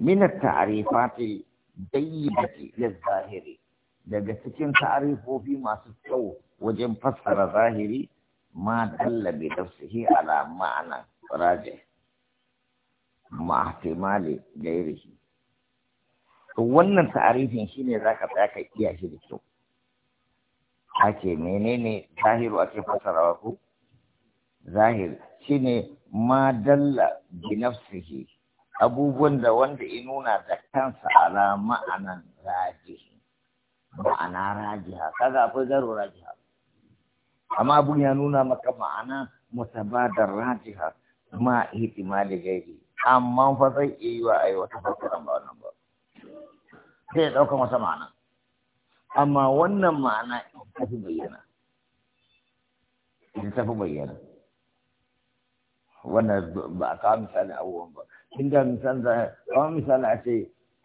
min ta'rifati dayyibati zahiri daga cikin ta'arifofi masu kyau wajen fassara zahiri ma dalla bi tafsihi ala ma'ana raje ma ihtimali gairihi to wannan ta'arifin shine zaka tsaya ka iya shi da kyau ake menene zahiru ake fassarawa ko zahir shine ma dalla bi nafsihi abubuwan da wanda ya nuna da kansa ala ma'anan rajihi ma'ana rajiha kaga akwai zaro rajiha amma abun ya nuna maka ma'ana mutabadar rajiha ma ihtimali gaibi amma fa zai iya yi wa ai wata fasara ba wannan ba sai ya ɗauka masa ma'ana amma wannan ma'ana ta fi bayyana ta fi bayyana wannan ba a kawo misali abubuwan ba kin ga misali za kawo misali a ce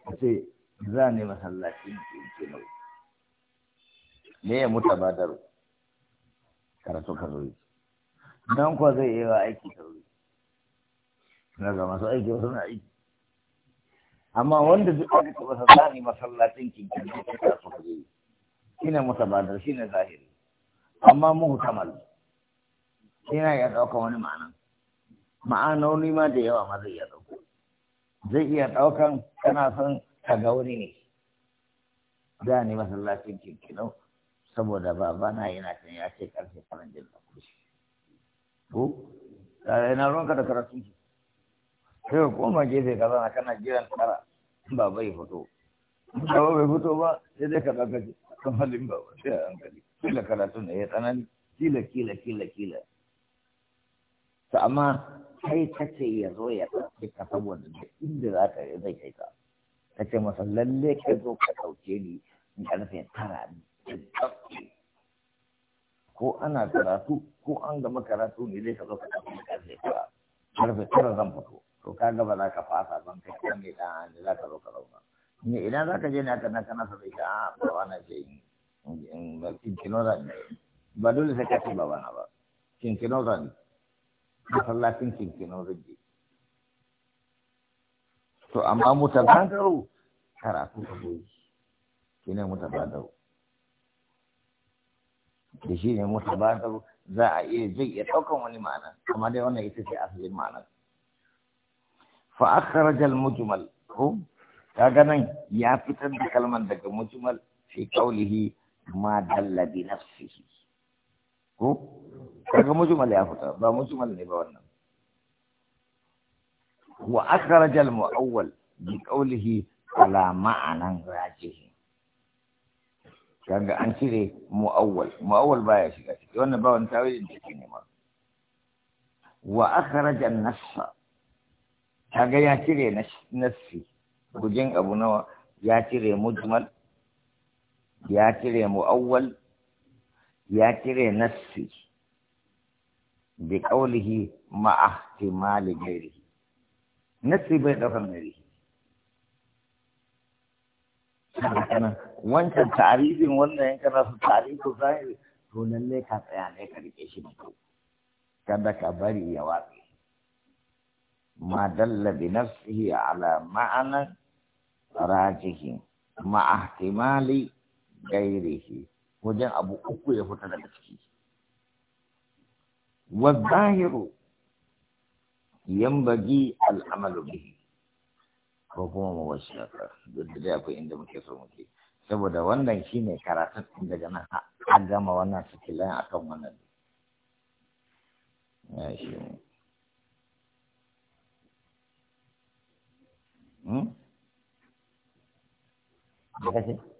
a ce za ne masallaci ke nau ne ya mutu ba da karatu kalori nan kuwa zai yi wa aiki kalori na ga masu aiki wasu na aiki amma wanda zai kawo taɓa sa za ne masallacin kinkin da ke karatu kalori shi ne mutabadar shi ne zahiri amma muhu shi yana ya ɗauka wani ma'ana. ma'anoni ma da yawa ma zai iya dauko. zai iya ɗaukan kana son ka ga wani ne da ni masallacin kinkinau saboda babana yana can ya ce karfe kanan jin da kushi. ko ruwan ka da karatun shi sai ka koma gefe ka zana kana jiran tara baba ya fito baba bai fito ba sai dai ka ɗauka shi kamalin ba sai a hankali kila karatun da ya tsanani kila kila kila kila to amma kai ta ce ya zo ya ɗauke ka saboda da inda za ka zai kai ka ta ce masa lalle ka zo ka ɗauke ni in ƙarfe tara da ɗauke ko ana karatu ko an gama karatu ne zai ka zo ka ɗauke zai tara ƙarfe tara zan fito to ka gaba za ka fasa zan kai ka mai da hannu za ka zo ka zauna ne idan za ka je ne aka na kana sa zai ka a ah, ba wani ce in ba kinkino zan ba dole sai ka ce ba wani ba kinkino zan ne masallacin kinkinon rigi to amma mutabadaru karatu ka boye shi ne badaru da shi ne badaru za a iya zai iya ɗaukan wani ma'ana amma dai wannan ita ce asalin ma'ana fa akhrajal mujmal ko kaga nan ya fitar da kalman daga mujmal fi qawlihi ma dalla bi nafsihi ko kaga mujmal ya fita ba mujmal ne ba wannan wa akhraja al muawwal bi qawlihi ala ma'anan rajihi kaga an cire muawwal muawwal baya shiga ciki wannan ba wani tawilin da ne ma wa akhraja an nassa kaga ya cire nassi gujin abu nawa ya cire mujmal ya cire muawwal ya cire nassi bi qawlihi ma ihtimali ghairihi nasi bai daukan ghairihi wancan tarihin wannan yanka na su tarihin zahiri to lalle ka tsaya ne ka rike shi da kyau kada ka bari ya watsi ma dalla bi nafsihi ala ma'ana rajihi ma ihtimali ghairihi wajen abu uku ya fita daga ciki والظاهر ينبغي العمل به ko kuma mu inda muke so muke saboda wannan shine karatun daga nan a gama wannan sikilan akan wannan ya